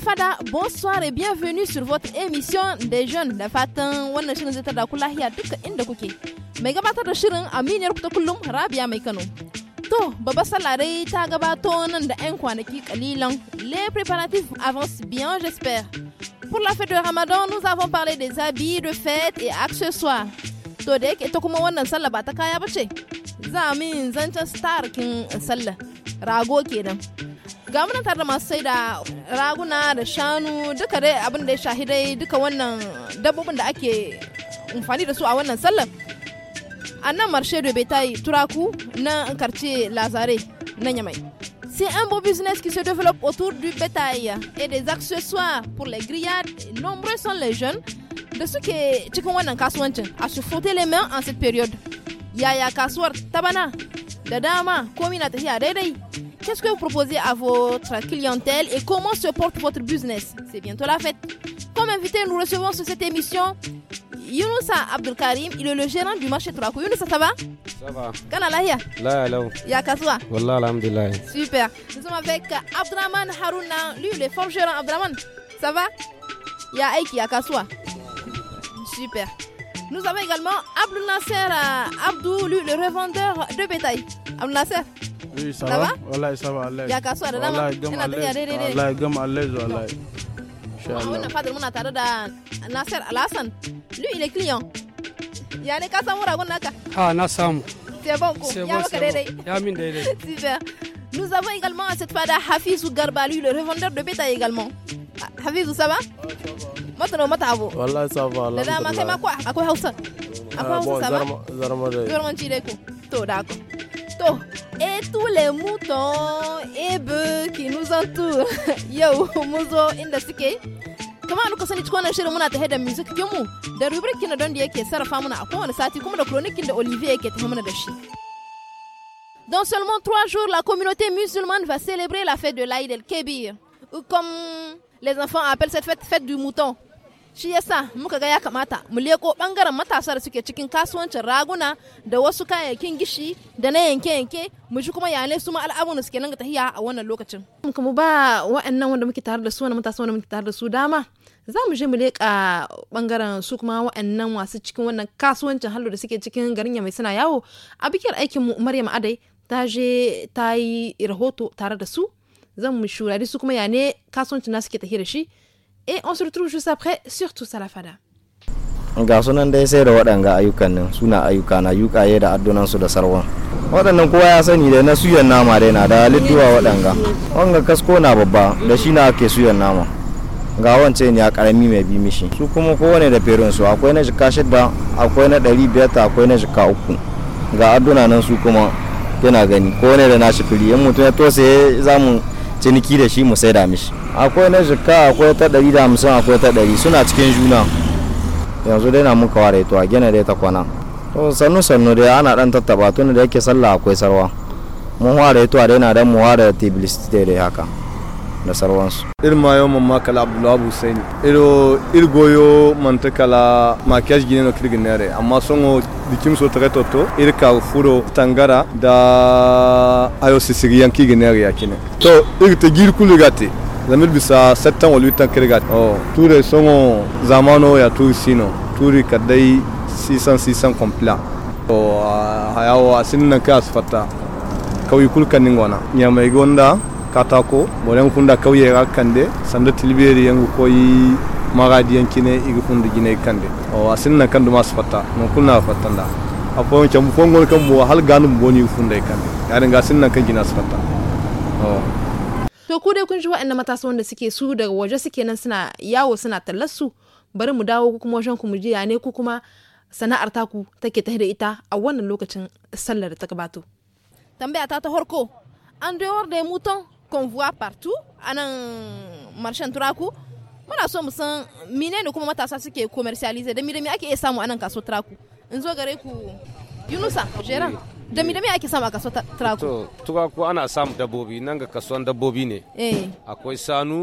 Fada, bonsoir et bienvenue sur votre émission des jeunes da fatan wannan shirin zai tada ku lahiya duka inda kuke. Mai gabatar da shirin Aminiyar ku ta kullum Rabia Mai Kano. To, babbar sallah dai ta gabato nan da 'yan kwanaki kalilan. Les préparatifs avancent bien, j'espère. Pour la fête de Ramadan, nous avons parlé des habits de fête et accessoires. To da yake ita kuma wannan sallah ba ta kaya ba ce. Za min zancen star kin sallah. Rago kenan. ga tare da masu sai da raguna da shanu duka dai abin da ya shahi dai duka wannan dabbobin da ake amfani da su a wannan sallar a nan marshe da betai turaku na karce lazare na yamai C'est un beau business qui se développe autour du bétail et des accessoires pour les grillades. Nombreux sont les jeunes de ceux cikin wannan kasuwancin a su fote les mains en cette période. Yaya kasuwar tabana da dama komi na tafiya daidai qu'est-ce que vous proposez à votre clientèle et comment se porte votre business C'est bientôt la fête. Comme invité, nous recevons sur cette émission Younousa Abdelkarim, il est le gérant du marché Tourakou. Younousa, ça va Ça va. Kana là La Ya kaswa Wallah, alhamdulillah. Super. Nous sommes avec Abdraman Harouna. Lui, le fort gérant Abdraman, ça va Ya aiki, ya kaswa Super. Nous avons également euh, Abdou Nasser, Abdou, le revendeur de bétail. Abdou Nasser. Oui, ça, ça va. Voilà, ça va. Il y a qu'à soir, là. Voilà, gomme à l'aise. Voilà, gomme à Nasser On n'a pas de à Nasser Alassane. Lui, il est client. Il y a des on n'a Mouravonaka. Ah, Nassam. C'est bon, c'est bon. C'est Super. Nous avons également à cette fois Hafizou Garba, lui, le revendeur de bétail également. Ah, Hafizou, ça ça va matano matabo wallahi safa da dama kai ma kwa akwai hausa akwai ah, hausa sama zarma dai zarmanci dai ko to da to et tous les moutons et bœufs qui nous entourent yo muzo inda suke kamar an sani cikin wannan shirin muna tahe da music mu da rubrikin na don da yake sarrafa muna a kowane sati kuma da kronikin da olivier yake tahe mana da shi Dans seulement trois jours, la communauté musulmane va célébrer la fête de l'Aïd el-Kébir, ou comme les enfants appellent cette fête, fête du mouton. shi yasa muka ga ya kamata mu leko bangaren matasa da suke cikin kasuwancin raguna da wasu kayayyakin gishi da na yanke-yanke mu ji kuma yane su ma da suke nan ga tahiya a wannan lokacin kuma ba wa'annan wanda muke tare da su wannan matasa wanda muke tare da su dama za mu je mu leƙa bangaren su kuma wa'annan wasu cikin wannan kasuwancin hallo da suke cikin garin ya mai suna yawo a bikin aikin mu Maryam Adai ta je ta yi rahoto tare da su zan mu shurari su kuma ya ne kasuwancin na suke tafi da shi Et on se retrouve juste après sur Tous à la Fada. ga dai sai da waɗanga ayyukan nan suna ayyuka na yukaye da addunansu da sarwa waɗannan kowa ya sani da na suyan nama dai na da lidduwa waɗanga wanga kasko na babba da shi na ake suyan nama ga wance ne a karami mai bi mishi su kuma kowane da ferin su akwai na jika shida akwai na ɗari biyar akwai na jika uku ga adduna nan su kuma yana gani kowane da nashi fili in mutum ya tose za mu ciniki da shi mu saida mishi akwai na jikka akwai ta ɗari da hamsin akwai ta ɗari suna cikin juna yanzu dai na muka ware to a gina dai ta kwana to sannu sannu dai ana ɗan tattaba tun da yake sallah akwai sarwa mun ware to dai na dan mu ware tiblis dai dai haka da sauransu irma yau mamma kala abdullahi abu saini iro irgoyo manta kala makiyaj gine no kirgin nere amma songo dikim so tare toto irka furo tangara da ayo sisiri yanki gine nere yakine to irte gir kuligati zamir bisa settan wal wittan kirgati oh ture songo zamano ya turi sino turi kadai sisan sisan kompla to hayawo asin nan ka asfata kawi kulkan ningona nyamai gonda katako bolen kunda kauye ga kande sanda tilberi yangu koyi magadi yankine igi kunda gine kande o asin na kandu mas fata non kunna fatanda apo cham fongol kam bo hal ganum boni funda kande yare ga sin nan kan gina fata o to ku dai kun ji wa'annan matasa wanda suke su daga waje suke nan suna yawo suna tallasu bari mu dawo ku kuma wajen ku mu je ya ne ku kuma sana'ar taku take ta da ita a wannan lokacin sallar da ta gabato tambaya ta ta farko an doyar da mutum qu'on voit partout a marché en turaku muna so mu san menene kuma matasa suke commercialize da mi mi ake samu anan kaso turaku in zo gare ku yunusa jeran da mi mi ake samu a kaso turaku to turaku ana samu dabbobi nan ga kasuwan dabbobi ne akwai sanu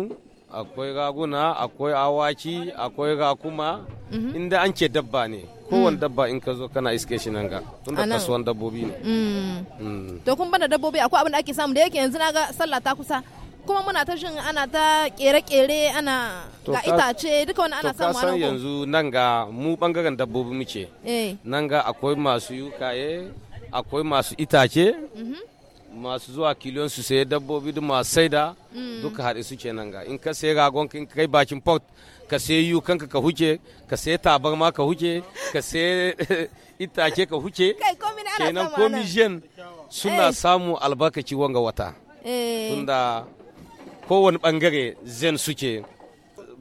akwai raguna akwai awaki akwai rakuma mhm. inda an ce dabba ne kowane mm. dabba in ka zo kana iske shi nan ga tunda kasuwan dabbobi ne mm. Mm. to kun bada dabbobi akwai abin da ake samu da yake yanzu na ga sallah ta kusa kuma muna ta shin ana ta kere-kere ana ga itace duka wani ana samu san yanzu nan ga mu bangaren dabbobi muke eh. nan ga akwai masu yukaye akwai masu itace mhm. masu zuwa kilon su sayi dabbobi da masu saida mm. duka haɗe su nan ga in ka sayi ragon ka kai bakin port ka sayi yu kanka ka huce ka sayi tabarma ka huce ka sayi itace ka huce kenan komi jen suna eh. samu albarkaci wanga wata eh. tunda kowane bangare zen suke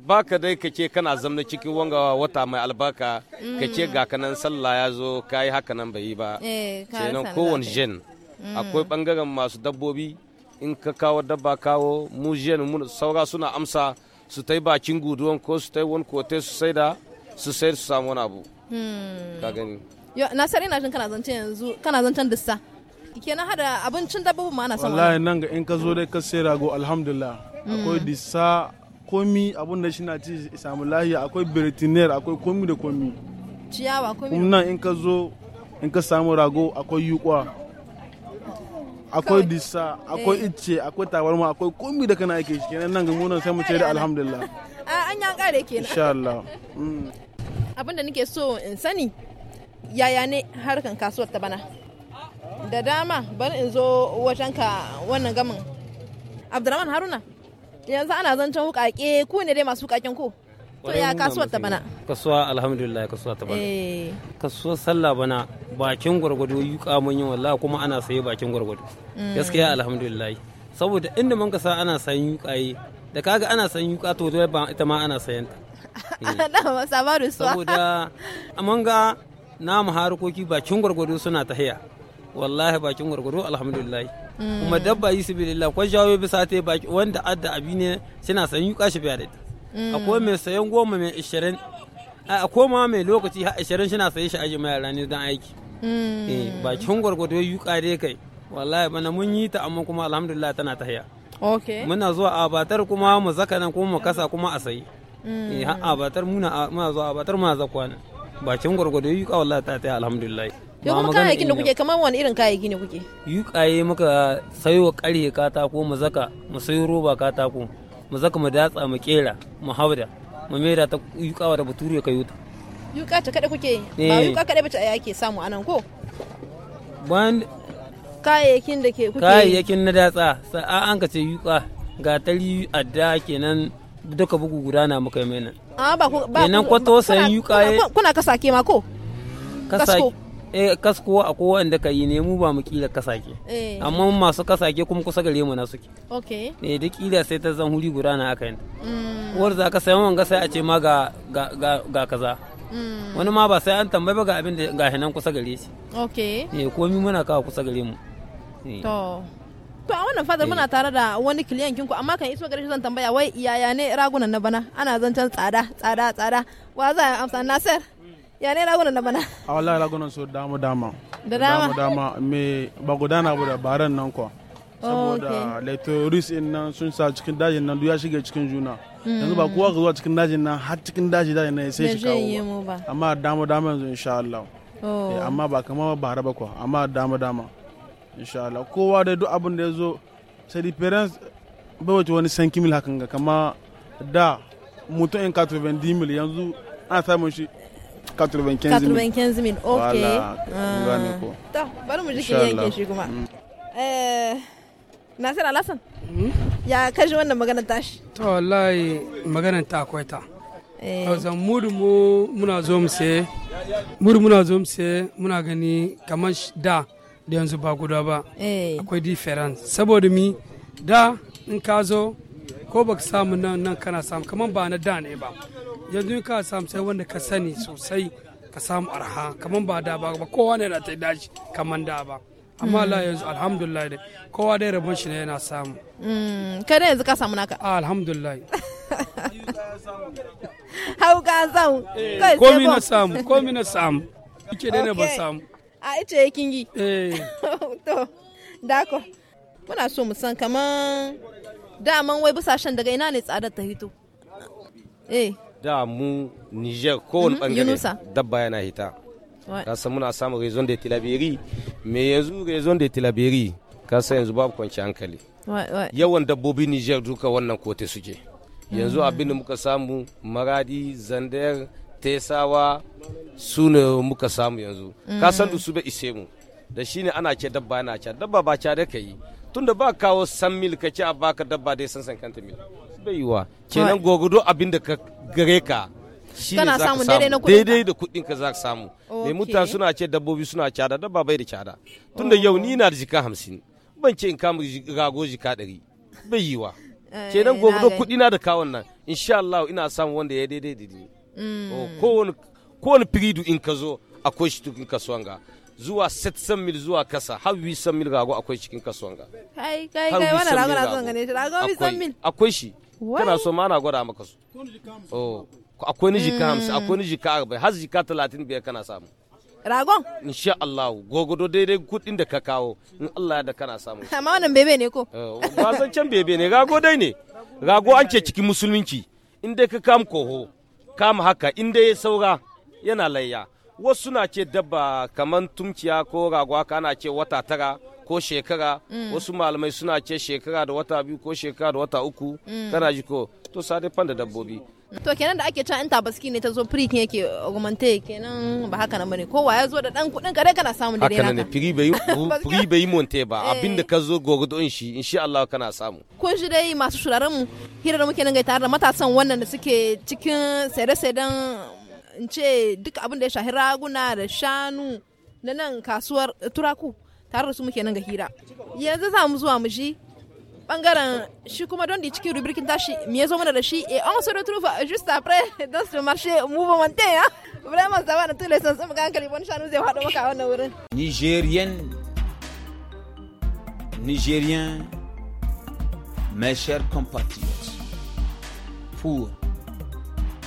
baka dai kake kana zamna cikin wanga wata mai albarka kake mm. ga kanan sallah ya zo kai haka nan bai yi ba eh, kenan kowane jen akwai bangaren mm. masu dabbobi in ka kawo dabba kawo mujiyan saura suna amsa su ta bakin guduwan ko su ta yi wani kote su sai da su sai su samu wani abu hmm. ka gani na sari na jin kana zance yanzu kana zancen dissa na hada abincin dabbobin ma ana samu wallahi nan ga in ka zo dai ka sai rago alhamdulillah hmm. akwai dissa komi abun da na ci samu lahiya akwai biritiner akwai komi da komi ciyawa komi nan in ka zo in ka samu rago akwai yuƙwa akwai disa akwai eh. icce akwai tabarma akwai komi da kana ake shi kenan nan ga munan sai mu ce da alhamdulillah a ah, an yan kare kenan insha Allah mm. abin da nake so in sani yaya ne harkan kasuwar ta bana da dama bari in zo ka wannan gamin abdurrahman haruna yanzu ana zancen hukake ku ne dai masu hukaken ku to ya kasuwar ta bana kasuwa alhamdulillah kasuwa ta bana eh. kasuwa sallah bana bakin gwargwado yuka mun yi wallahi kuma ana saye bakin gwargwado mm. gaskiya alhamdulillah saboda inda mun ka sa ana sayan yukaye eh, da kaga ana sayan yuka to ba ita ma ana sayan ta eh. saboda mun ga namu harkoki bakin gwargwado suna tahiya wallahi bakin gwargwado alhamdulillah mm. kuma dabba yi su bilillah ko jawo bisa ta wanda adda abi ne suna san yuƙa shi biya da ita Mm. akwai mai sayan goma mai ishirin a koma mai lokaci har ishirin shi na saye shi aji mai yara ne don aiki mm. eh, bakin gwargwado yuka dai kai wallahi bana mun yi ta amma kuma alhamdulillah tana ta haya muna zuwa abatar kuma mu zaka nan kuma mu kasa kuma a sayi mm. eh, har abatar muna zuwa abatar muna zakwa nan bakin gwargwado yuka wallahi ta haya alhamdulillah yau kuma kayayyakin da kuke kamar wani irin kayayyaki ne kuke yukaye muka sayo karhe katako mu zaka mu sayo roba katako mu zaka mu datsa mu kera mu hauda mu mera ta yukawa da bature kai yuta yuka ta kada kuke ba eh. yuka kada bace ta ake samu anan ko ban kayayyakin da ke kuke kayayyakin na datsa sa'a an ka ce yuka ga tari adda kenan duka bugu guda na muka yi mai nan. Ah, ba ku ba ku kuna ke ma ko? Kasko. eh kas kowa a kowa da ka yi ne mu ba mu kila kasake eh. amma masu kasake kuma kusa gare mu na suke okay eh duk kila sai ta zan huri guda na aka yi mm. uwar za ka sayan wanga sai a ce ma ga ga kaza mm. wani ma ba sai an tambaye ba ga abin da ga hinan kusa gare shi okay eh komi muna kawo kusa gare mu eh. to to a wannan fadar muna eh. tare da wani kiliyan kinku amma kan iso gare shi zan tambaya wai yaya ne ragunan na bana ana zancen tsada tsada tsada wa za a amsa nasir ya ne ragunan da bana a wallahi ragunan su dama dama da dama dama me ba gudana ba da baran nan kuwa oh, saboda laitoris in nan sun sa cikin dajin nan duk ya shiga cikin juna hmm. yanzu ba kowa ga zuwa cikin dajin nan har cikin daji dajin nan sai shi kawo ba amma dama dama yanzu insha Allah oh. eh, amma ba kamar bara ba kuwa amma dama dama insha Allah kowa da duk abin da ya zo sai di parents bai wace wani cinq kimil hakan ga kama da mutum in ka 20 mil yanzu ana samun shi 95 000 95 kuma nasir ya kashi wannan magana tashi to wallahi maganar ta akwai ta eh. mudu mu muna zo mu sai mudu muna zo mu sai muna gani kamar da da yanzu ba guda ba eh. akwai difference saboda mi da in ka zo ko baka samu nan nan kana samu kamar ba na da ne ba yanzu ka samu sai wanda ka sani sosai ka samu arha kamar ba da ba ba kowa ne na ta dashi kamar da ba amma la yanzu alhamdulillah dai kowa dai rabon shi ne yana samu mm, kai da yanzu ka samu naka ah, alhamdulillah hau ka samu eh, komi na samu komi na samu ike dai ne ba samu a ice ya kingi eh. to dako muna so mu san kamar daman wai busashen daga ina ne tsadar ta hito eh da mu Niger kowane mhm, bangare dabba yana hita kasan muna samun raison de tilaberi me yanzu raison de tilaberi san yanzu babu kwanci hankali yawan dabbobi Niger duka wannan kote suke yanzu mm. abinda muka samu maradi Zander, tesawa su ne muka samu yanzu kasan mm. da su bai ise mu da ne ana ce dabba yana ce dabba ba ca da ka yi tunda ba kawo san mil ka ce a baka dabba dai san san kanta mil bai yiwa kenan gogodo abin da ka gare ka shi ne za ka samu daidai da kuɗin ka za ka samu mai mutane suna ce dabbobi suna cada dabba bai da cada tun da yau oh. ni na da jika hamsin ban ce in kama rago jika ɗari bai yiwa eh, kenan gogodo kuɗi na da kawon nan insha Allah ina samu wanda ya daidai da ni hmm. oh, kowane kowane firidu in ka zo akwai shi tukin kasuwan ga zuwa 700 mil zuwa kasa har 800 mil rago akwai cikin kasuwan ga kai kai kai wannan rago na son gane shi rago 800 mil akwai shi kana so ma na gwada maka su akwai ni jika hamsin oh, akwai ni mm. jika arba'in har jika talatin biyar kana samu ragon insha Allah gogodo daidai kudin da ka kawo in Allah da kana samu amma wannan bebe ne ko ba eh, san can bebe ne rago dai ne rago an ce cikin musulunci in dai ka kam koho kam haka in dai saura yana layya wasu na ce dabba kaman tumciya ko rago haka ana ce wata tara ko shekara mm. wasu malamai suna ce shekara da wata biyu ko shekara da wata uku mm. kana ji ko to sa dai da dabbobi to kenan da ake cewa in tabaski ne ta zo firi kin yake augmente kenan ba haka nan bane kowa ya zo da dan kudin ka kana samu da haka ne firi bai firi bai monte ba eh. abinda ka zo gogodo in shi insha Allah kana samu ko shi dai masu shuraren mu hira da muke nan tare da matasan wannan da suke cikin sayar-sayar in ce duk abin da ya shahi raguna da shanu da nan kasuwar turaku tare da su muke nan ga hira yanzu za mu zuwa mu ji bangaren shi kuma don da cikin rubrikin tashi me ya zo mana da shi et on se retrouve juste après dans ce marché mouvementé hein vraiment ça va dans tous les sens mu ga hankali wani shanu zai faɗo maka a wannan wurin nigérienne nigérien mes chers compatriotes pour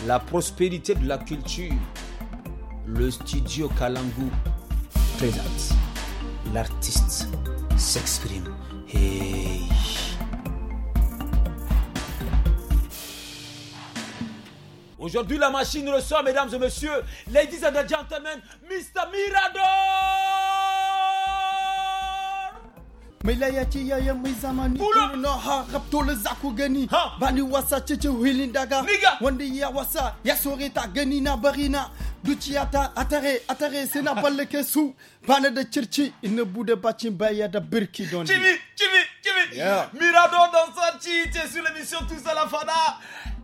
la prospérité de la culture le studio Kalangu présente l'artiste s'exprime. Hey. Aujourd'hui, la machine reçoit, mesdames et messieurs, ladies and gentlemen, Mr. Mirador! Milayati yaya mwizamani Tulu no ha Raptole zaku gani Bani wasa chichi huilindaga Wandi ya wasa Yasori ta gani na barina duciyata atare atare c'est balle ke su bana da de ina il y boude da birki don birkidoni chivi, chivi. yeah. Mirador dans sa tu es sur l'émission Tous la Fada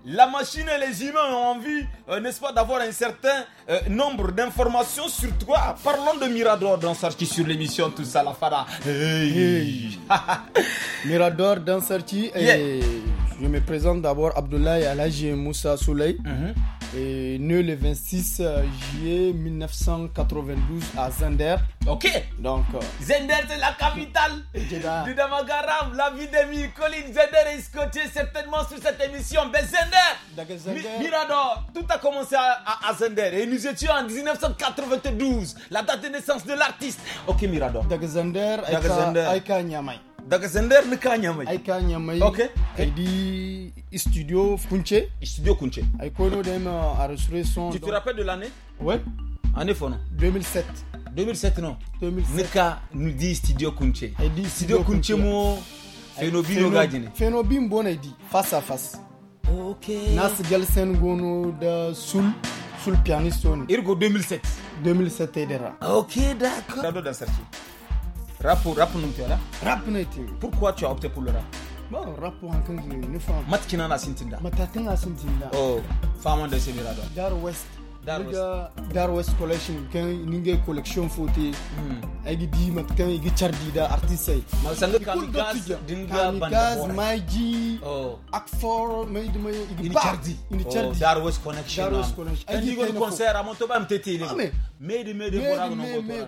la machine et les humains ont envie, euh, n'est-ce pas, d'avoir un certain euh, nombre d'informations sur toi. Parlons de Mirador dans sortie sur l'émission Tout ça la Fada. Mirador dans sortie Hey. Je me présente d'abord Abdoulaye Alagé Moussa Souley, mhm. et né le 26 euh, juillet 1992 à Zender. Ok. Donc, euh, Zender, c'est la capitale du Damagaram, la vie de collines Zender est scotché certainement sur cette émission. Mais ben Zender, Mirador, tout a commencé à, Zender. Et nous étions en 1992, la date de naissance de l'artiste. Ok, Mirador. Dagazender, Zender, Aika, Aika daga zandar ni kanya mai ai okay ai di studio kunche studio kunche ai kono da ma euh, a resuré son tu te rappelles de l'année ouais année fono 2007 2007 non 2007 nika nous dit studio kunche ai di studio kunche mo fenobino gajine fenobin bona di face à face okay nas galsen gono da sul sul pianiste on irgo 2007 2007 edera okay d'accord dans Rap ou rap non tu là Rap non tu. Pourquoi tu as opté pour le rap Bon, rap pour un kan ne fa. Mat kina na sintinda. Matatin na sintinda. Oh, fama de semira da. Dar West. Dar West. Dar West collection kan ninge collection foti. Ai di mat kan gi chardi da artiste. Ma sanga kan gas dinga banda. maji. Oh. Akfor mai de mai gi chardi. Ni oh, chardi. Dar West connection. Dar West connection. Ai gi concert a Montauban tete. Ah, mais mais mais non.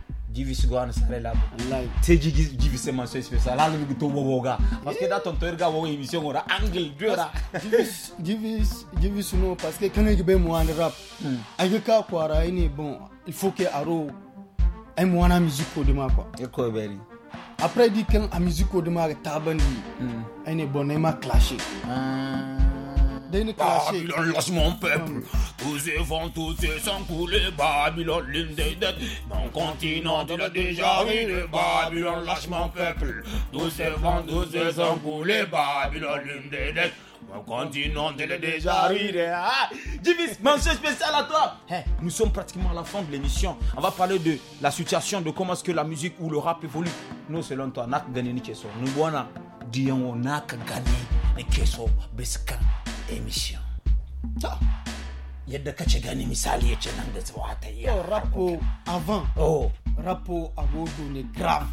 Divis sare labo te jigi divise man soy spécial ala mi to bobo ga parce que eh. da ton to wo émission ora angle dura divis divis divis no parce que quand il mo and rap hmm. ay ka ko ini bon il faut que aro ay mo na musique ko de ma quoi e ko beri après dit quand a musique ko de hmm. ma tabandi ay ne bon ay ma clasher ah dañu clashé Babylone lâche mon peuple tous ces vents tous ces sangs coulés Babylone l'une des dettes Mon continent il a déjà ruiné Babylone lâche mon peuple tous ces vents tous ces sangs coulés Babylone l'une des dettes Mon continent il a déjà ruiné ah, Divis, mention spéciale à toi hey, hein, Nous sommes pratiquement à la fin de l'émission. On va parler de la situation, de comment est-ce que la musique ou le rap évolue. Nous, selon toi, nak gagné ni keso. Nous, voilà, dion nak gani ni keso. emission. To. Yadda kace gani misali yace nan da tsawa ta yi. Oh, rapo avant. Oh. Rapo agogo ne grave.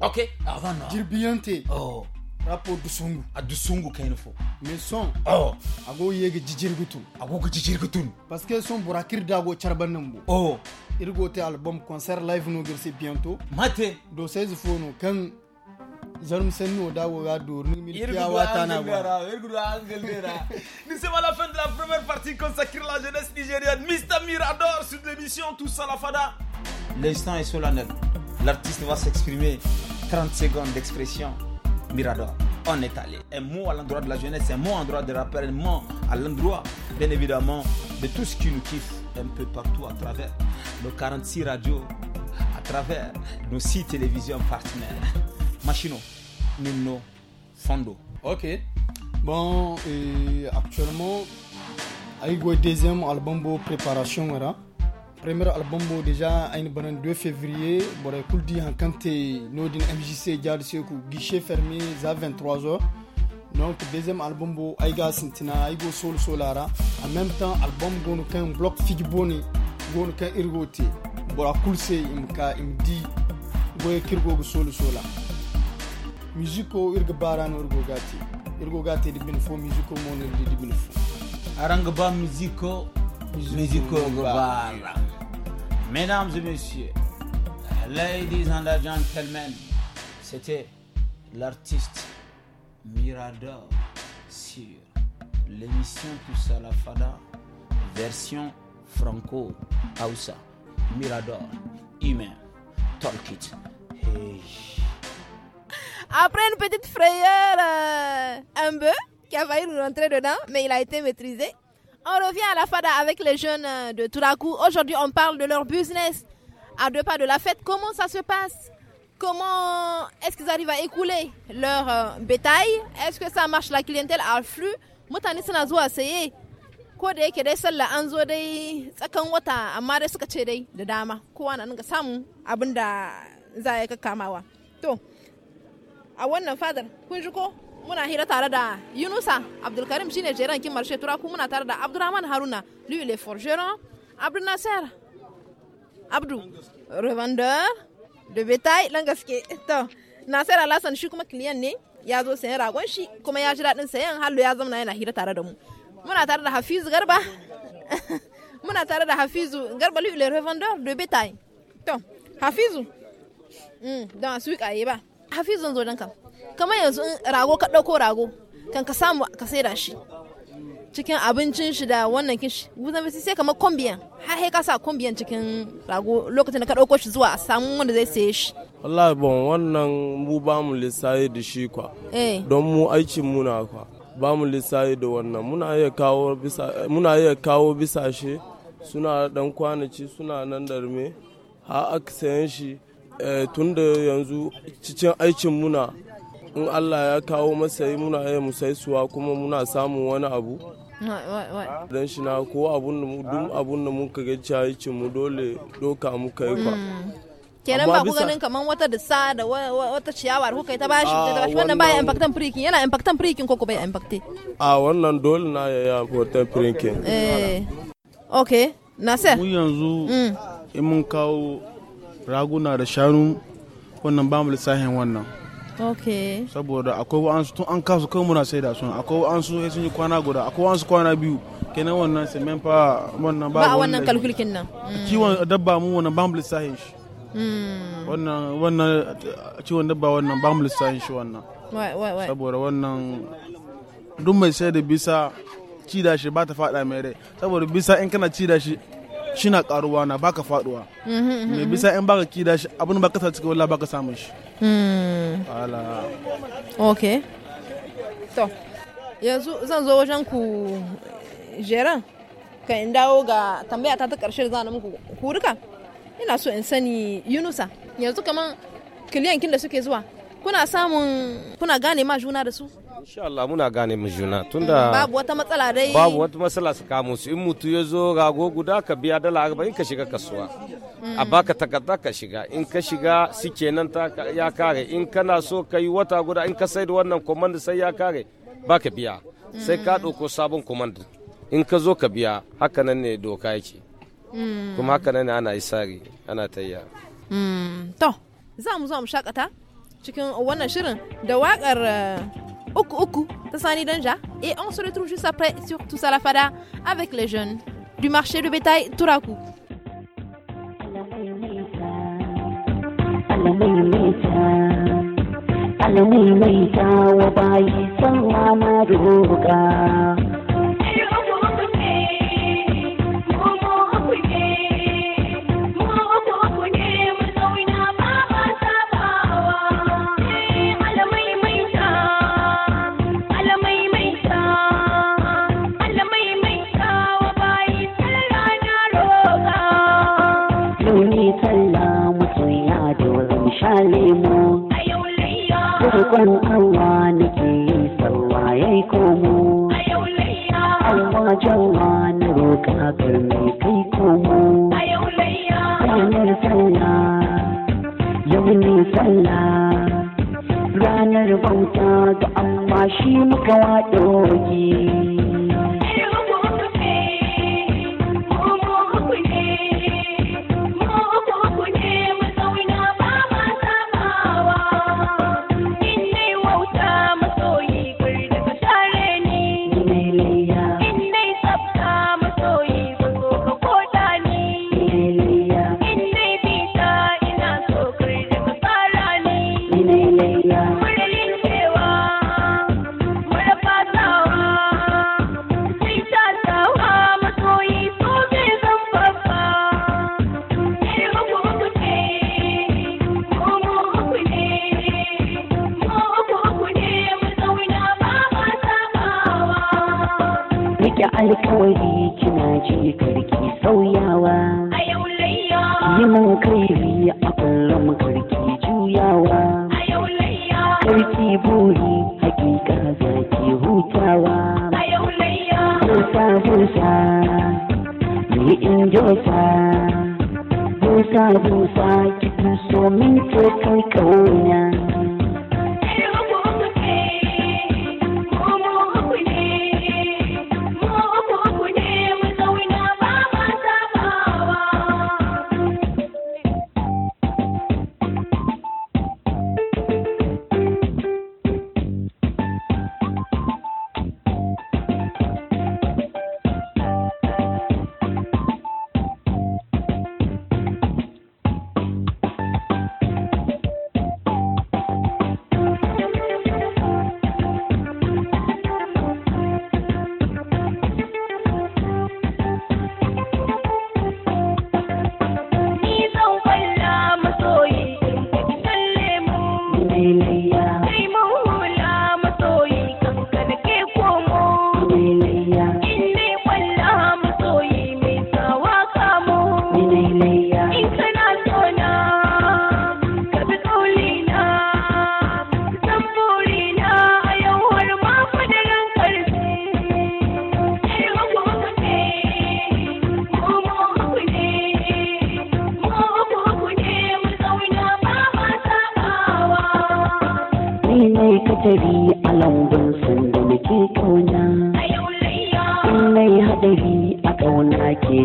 Ok, avant no. Jirbiyante. Oh. Rapo dusungu. A dusungu kai nufo. Me son. Oh. Ago yege jijirgutu. Agogo jijirgutun. Parce que son burakir dago charban nambu. Oh. Irgo te album concert live no gerse bientôt. Mate. Do 16 fono kan Nous sommes à la fin de la première partie consacrée à la jeunesse nigérienne. Mr Mirador sur l'émission tout ça la Fada. L'instant est solennel. L'artiste va s'exprimer. 30 secondes d'expression. Mirador, on est allé. Un mot à l'endroit de la jeunesse, un mot à l'endroit de rappel, un mot à l'endroit, bien évidemment, de tout ce qui nous kiffe un peu partout à travers nos 46 radios, à travers nos 6 télévisions partenaires machino Nino fondo ok bon et actuellement aigo deuxième album Pour préparation Le premier album Déjà déjà ayn banan 2 février bore kuldi han nous nodin mjc jaar seku guichet fermé à 23h donc deuxième album aiga sintina aigo sol solara en même temps album gonu kan block figiboni gonu kan irgoti bora kulse dit imdi goye kirgo solo Solara musico irga Urgogati. irgo gati irgo gati di bin fo musico mon de di bin musico musico mesdames et messieurs ladies and gentlemen c'était l'artiste Mirador sur l'émission Toussa la Fada version franco hausa Mirador humain talk it hey après une petite frayeur, euh, un bœuf qui a failli nous rentrer dedans, mais il a été maîtrisé. On revient à la FADA avec les jeunes euh, de Tourakou. Aujourd'hui, on parle de leur business à deux pas de la fête. Comment ça se passe Comment est-ce qu'ils arrivent à écouler leur euh, bétail Est-ce que ça marche La clientèle afflue Mutane Sanazo a a wannan fadar kun ji ko muna hira tare da yunusa abdulkarim shine jeran kin marshe tura ku muna tare da abdurrahman haruna lui le forgeron abdu nasser abdu revendeur de betai lan gaske to nasser alasan shi kuma kiliyan ne ya zo sayan ragon shi kuma ya ji daɗin sayan hallo ya zama yana hira tare da mu muna tare da hafizu garba muna tare da hafizu garba lui le revendeur de betai to hafizu hmm, don a yi ba hafizun zo ka kamar yanzu rago ka ɗauko rago kan ka samu ka saida shi cikin abincin shi da wannan kin shi guzan bisi sai kamar kombiyan har sai ka sa kombiyan cikin rago lokacin da ka ɗauko shi zuwa a samu wanda zai saye shi wallahi bon wannan mu ba mu lissaye da shi kwa eh. don mu aikin muna kwa ba mu lissaye da wannan muna iya kawo bisa muna iya kawo bisa shi suna dan kwanaci suna nan darme har aka sayan shi Eh, tun da yanzu cikin aikin muna in Allah ya kawo masayi muna yi musaisuwa kuma muna samun wani abu don shi na ko abun da muka ga aikin mu dole doka muka yi kwa hmm. kenan ba ku ganin kaman wata da sa da wata ciyawa kuka yi ta bashi ah, ta bashi wannan baya impactan freaking yana impactan freaking ko ko bai impacte a ah, wannan dole na ya impactan freaking eh okay nasir mu yanzu hmm. in mun kawo raguna da shanu wannan ba mu lissahin wannan ok saboda akwai wa'ansu tun an kasu kai muna sai da su akwai wa'ansu sai sun yi kwana guda akwai wa'ansu kwana biyu kenan wannan semen fa wannan ba wannan kalkulkin nan kiwon mm. dabba mu wannan ba mu lissahin shi mm. wannan wannan ciwon dabba wannan ba mu lissahin shi wannan saboda wannan duk mai sai da bisa ci da shi ba ta faɗa mai rai saboda bisa in kana ci da shi shi na karuwa na baka faduwa mai mm-hmm, mm-hmm. bisa in baka kida shi abin baka sa cikin wala baka samun shi hmm. ala ok to yanzu zan zo wajen ku jeran ka in dawo ga tambaya ta ta karshe da zanen muku ina so in sani yunusa yanzu kaman kiliyan kin da suke zuwa kuna samun kuna gane ma juna da su insha Allah muna gane mu juna mm, tunda babu wata matsala dai babu wata matsala su kamo su in mutu ya zo rago guda ka biya dala in ka shiga kasuwa mm. a baka takarda ka shiga in ka shiga su kenan ya kare in kana so ka yi wata guda in ka sai da wannan komanda sai ya kare baka biya sai ka mm. ɗauko sabon komanda in ka zo ka biya haka nan ne doka yake kuma haka nan ne ana sari ana tayya to za mu zo mu shakata cikin wannan shirin da waƙar eh, Oku Oku, Tassani Danja. Et on se retrouve juste après sur Tout Fada avec les jeunes du marché de bétail Turaku. san Allah nake sallah yayi komo Allah jawa na roƙa kar mai kai komo ranar sallah yau ne sallah ranar bauta ga Allah shi muka waɗoki.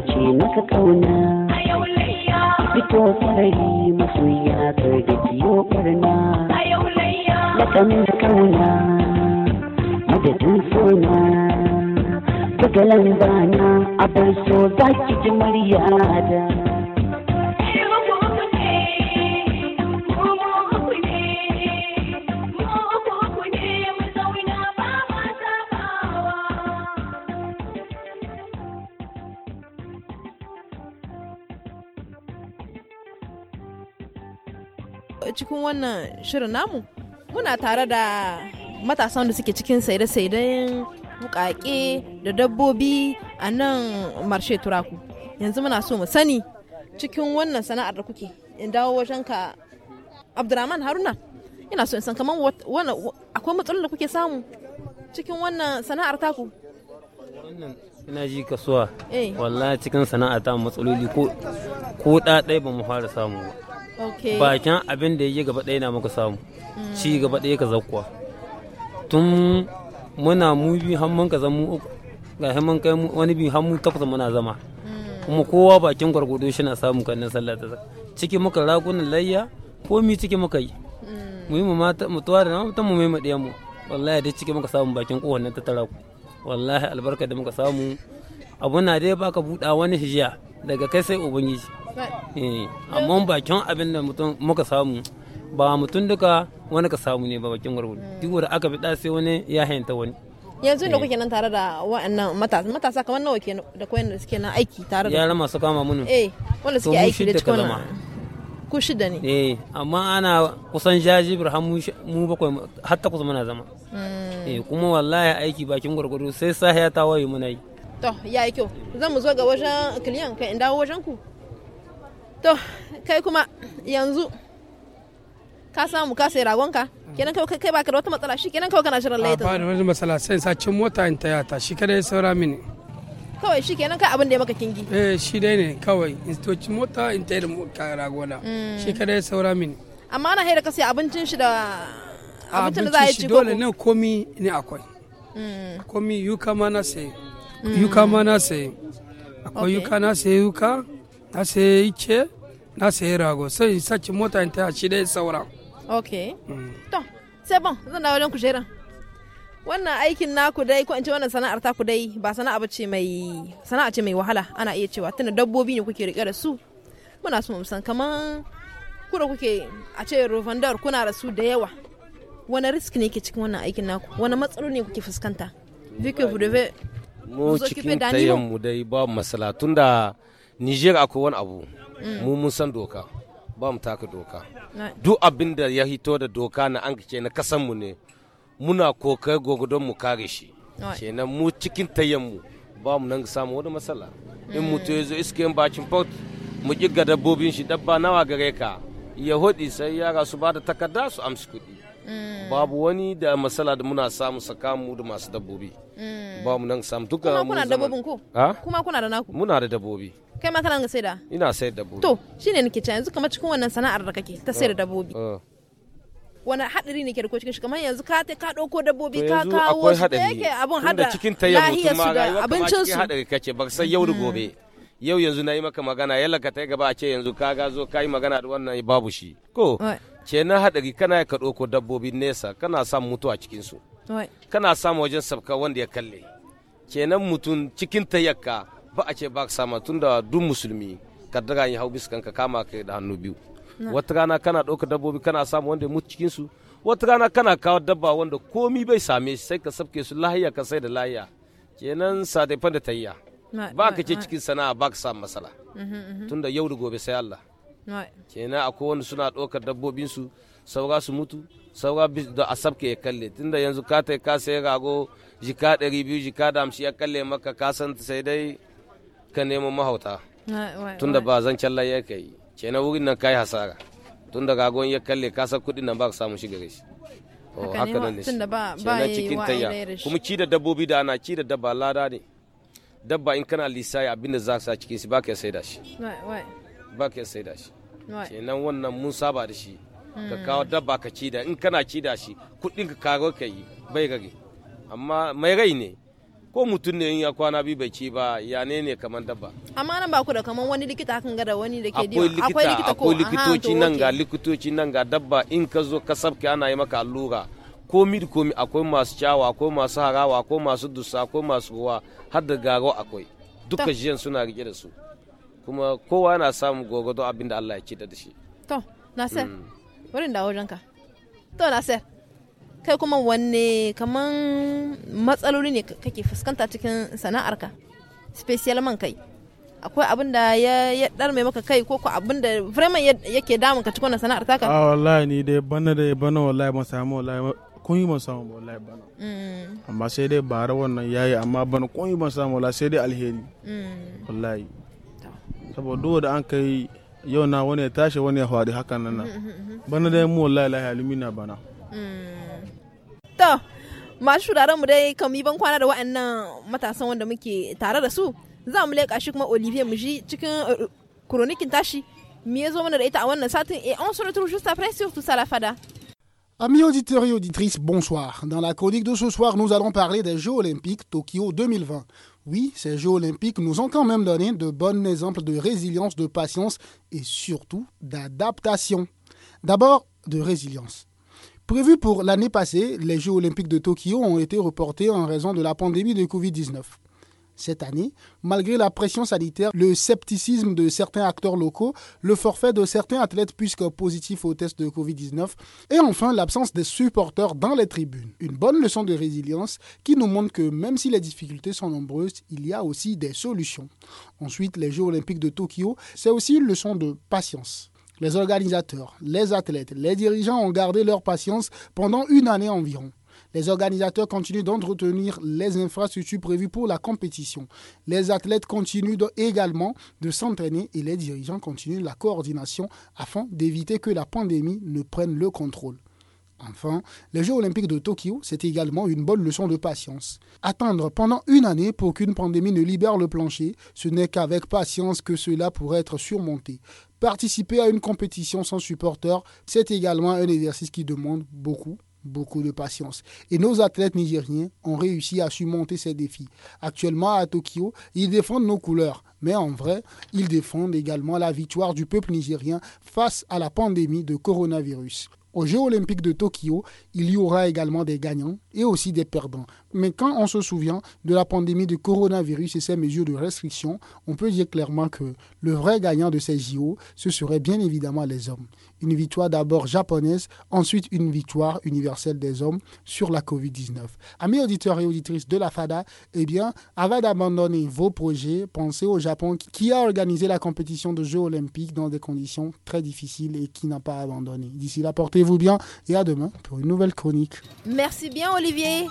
ce maka kauna fito sarari masoya kar da kiyo barna lakan da kauna madadin sona kuka lambana a so za ki ji murya da wannan shirin namu muna tare da matasan da suke cikin saide-saiden bukake da dabbobi a nan marshe turaku yanzu muna so mu sani cikin wannan sana'ar da kuke in dawo wajen ka abdurrahman haruna ina so in san kamar akwai matsalar da kuke samu cikin wannan sana'ar taku ina ji kasuwa eh. wallahi cikin sana'ar ta matsaloli ko ɗaɗai ba mu fara samu ba bakin abin da ya yi gaba ɗaya na muka samu ci gaba ɗaya ka zakuwa tun muna mu biyu hannun ka zama uku ga hannun kai wani biyu hannun takwas muna zama kuma kowa bakin gwargwado shi na samu kannin sallah ta ciki muka ragunan layya mi ciki muka yi mm. mu yi mu mata tuwa da mutum mu mai maɗiyan mu wallahi dai ciki muka samu bakin kowanne ta tara ku wallahi albarka da muka samu abu na dai baka buɗa wani hijiya daga kai sai ubangiji eh, amma bakin abin da mutum muka samu ba mutum duka wani ka samu ne ba bakin gwargwado duk da aka fi sai wani ya hayanta wani yanzu da eh. kuke nan tare da wa'annan matasa matasa kamar nawa ke da koyan da suke na aiki tare da yaran masu kama mun eh wanda suke aiki da cikin ku shida ne eh amma ana kusan jaji ibrahim mu bakwai har kusa muna zama hmm. eh kuma wallahi aiki bakin gurguru sai sahiya ta waye muna yi to ya yi kyau zan mu zo ga wajen kiliyan ka in dawo wajen ku to kai kuma yanzu ka samu ka sai ragonka kenan kai kai ka da wata matsala shi kenan kawai kana shirin laita ba wani matsala sai sace mota in taya ta shi kada ya saura mini kawai shi kenan ka abin da ya maka kingi eh shi dai ne kawai in toci mota in ta da mota ragona mm. shi kada ya saura mini amma ana haira ka sai abincin shi da abincin da za a yi ci dole ne komi ne akwai mm. komi yuka ma na sai Mm. yuka ma na sayi akwai yuka na sayi yuka na sayi ice na sayi rago sai in saki mota in taya shi dai saura ok mm. to sai bon zan dawo wajen kujeran wannan aikin naku dai ko in ce wannan sana'ar ku dai ba sana'a ce mai sana'a ce mai wahala ana iya cewa tunda dabbobi ne kuke rike da su muna so mu san kaman kuke a ce rovandar kuna da su da yawa wani risk ne ke cikin wannan aikin naku wani matsaloli ne kuke fuskanta vu que mu cikin tayin mu dai ba masala tunda Niger akwai wani abu mm. mu mun san doka ba mu taka doka duk abin da ya hito da doka na an ce na kasan mu ne muna kokai gogudon mu kare shi kenan mu cikin tayin mu ba mu nan samu wani matsala in mm. mutu ya zo iske bakin port mu kirga dabbobin shi dabba nawa gare ka ya hodi sai yara su ba da takarda su amsa kuɗi Mm. babu wani da matsala da muna samu sakamu da masu dabbobi mm. ba mu nan samu duka kuma kuna da dabbobin ko kuma kuna da naku muna da dabbobi kai ma kana sai da ina sai da dabbobi to shine nake cewa yanzu kamar cikin wannan sana'ar da kake ta sai da dabbobi eh, eh. wani hadari ne ke da cikin shi kamar yanzu ka ta ka dauko dabbobi ka kawo su da yake abun hada cikin tayyar mutum ma abincin su hadari kace ba sai yau da mm. gobe yau yanzu na yi maka magana yalla ka ta gaba a ce yanzu ka ga zo kai magana da wannan babu shi ko ce na haɗari kana ya ka ɗauko dabbobin nesa kana a mutuwa cikinsu kana samu wajen sabka wanda ya kalle kenan mutum cikin tayyaka ba a ce ba ka sama tun da duk musulmi ka daga yin hau biskan ka kama ka da hannu biyu wata rana kana ɗauka dabbobi kana samu wanda ya mutu cikinsu wata rana kana kawo dabba wanda komi bai same shi sai ka sabke su lahiya ka sai da lahiya kenan sa da tayya ba ka ce cikin sana'a ba ka samu matsala mhm, mhm. tun da yau da gobe sai Allah kenan akwai wanda suna ɗaukar dabbobinsu saura su mutu saura da a sabke ya kalle tunda yanzu ka ta ka sai rago jika ɗari biyu jika da hamsin ya kalle maka ka san sai dai ka neman mahauta tunda ba zan layya ka yi kenan wurin nan ka yi hasara tunda ragon ya kalle ka san kuɗin nan ba ka samu shiga shi oh, haka nan ne kenan cikin tayya kuma ci da dabbobi da ana ci da dabba lada ne dabba in kana ya abinda za ka sa cikin shi ba ka saida shi ba ka sai da shi kenan wannan mun saba da shi ka hmm. kawo dabba ka ci da in kana ci da shi kudin ka kawo ka yi bai gage amma mai rai ne ko mutum ne in ya kwana bi bai ci ba ya ne ne kamar dabba amma nan ba ku da kamar wani likita kan gada wani da ke diwa akwai likita akwai likitoci nan ga likitoci nan ga dabba in ka zo ka sabke ana yi maka allura komi da komi akwai masu cawa akwai masu harawa akwai masu dusa akwai masu ruwa har da garo akwai duka jiyan suna rike da su kuma kowa yana samun gwagwado abin da Allah ya ci da shi to nasir wurin mm. da wajen ka to nasir kai kuma wanne kaman matsaloli ne kake fuskanta cikin sana'arka special man kai akwai abin da ya ya darme maka kai ko ko abin da vraiment yake damun ka cikin sana'ar taka a ah, wallahi ni dai bana da bana wallahi ban samu wallahi kun yi ban samu wallahi bana mm. amma sai dai bara wannan yayi amma bana kun yi ban samu wallahi sai dai alheri mm. wallahi saboda duk da an kai yau na wani ya tashi wani ya faɗi hakan nan bana dai mu la ilaha alimina bana hmm. to masu shuraren mu dai kam ban kwana da wa'annan matasan wanda muke tare da su za mu leƙa shi kuma olivier mu ji cikin kronikin uh, uh, tashi me ya zo mana da ita a wannan satin et on se retrouve juste après sur tout ça la fada Amis auditeurs et auditrices, bonsoir. Dans la chronique de ce soir, nous allons parler des Jeux Olympiques Tokyo 2020. Oui, ces Jeux olympiques nous ont quand même donné de bons exemples de résilience, de patience et surtout d'adaptation. D'abord, de résilience. Prévus pour l'année passée, les Jeux olympiques de Tokyo ont été reportés en raison de la pandémie de Covid-19 cette année. Malgré la pression sanitaire, le scepticisme de certains acteurs locaux, le forfait de certains athlètes puisque positifs au test de Covid-19 et enfin l'absence des supporters dans les tribunes. Une bonne leçon de résilience qui nous montre que même si les difficultés sont nombreuses, il y a aussi des solutions. Ensuite, les Jeux olympiques de Tokyo, c'est aussi une leçon de patience. Les organisateurs, les athlètes, les dirigeants ont gardé leur patience pendant une année environ. Les organisateurs continuent d'entretenir les infrastructures prévues pour la compétition. Les athlètes continuent également de s'entraîner et les dirigeants continuent la coordination afin d'éviter que la pandémie ne prenne le contrôle. Enfin, les Jeux olympiques de Tokyo, c'est également une bonne leçon de patience. Attendre pendant une année pour qu'une pandémie ne libère le plancher, ce n'est qu'avec patience que cela pourrait être surmonté. Participer à une compétition sans supporteurs, c'est également un exercice qui demande beaucoup beaucoup de patience. Et nos athlètes nigériens ont réussi à surmonter ces défis. Actuellement à Tokyo, ils défendent nos couleurs, mais en vrai, ils défendent également la victoire du peuple nigérien face à la pandémie de coronavirus. Aux Jeux olympiques de Tokyo, il y aura également des gagnants et aussi des perdants. Mais quand on se souvient de la pandémie de coronavirus et ses mesures de restriction, on peut dire clairement que le vrai gagnant de ces JO, ce serait bien évidemment les hommes une victoire d'abord japonaise, ensuite une victoire universelle des hommes sur la COVID-19. Amis auditeurs et auditrices de la FADA, eh bien, avant d'abandonner vos projets, pensez au Japon qui a organisé la compétition de Jeux olympiques dans des conditions très difficiles et qui n'a pas abandonné. D'ici là, portez-vous bien et à demain pour une nouvelle chronique. Merci bien, Olivier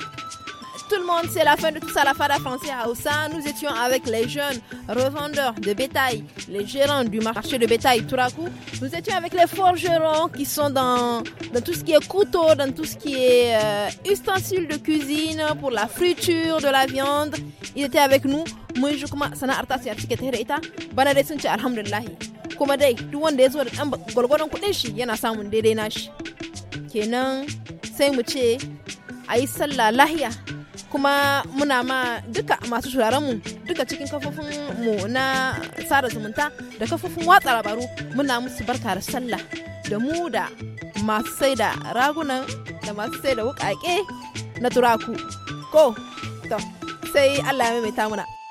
tout le monde, c'est la fin de tout ça, la fada française à Oussa. Nous étions avec les jeunes revendeurs de bétail, les gérants du marché de bétail coup. Nous étions avec les forts forgerons qui sont dans, dans tout ce qui est couteau, dans tout ce qui est euh, ustensiles de cuisine, pour la friture de la viande. Ils étaient avec nous. Mun ji kuma sana'ar ta siyar cike da ita, bana dai sun ce alhamdulillahi. Kuma dai duk wanda ya zo da ɗan gwargwadon kuɗin shi yana samun daidai nashi. Kenan sai mu ce a yi sallah lahiya kuma muna ma duka masu mu duka cikin kafofin mu na sada zumunta da kafofin watsa labaru muna musu barka da sallah da mu da masu sai da ragunan da masu sai da wukake na turaku ko to sai allah ya maimaita muna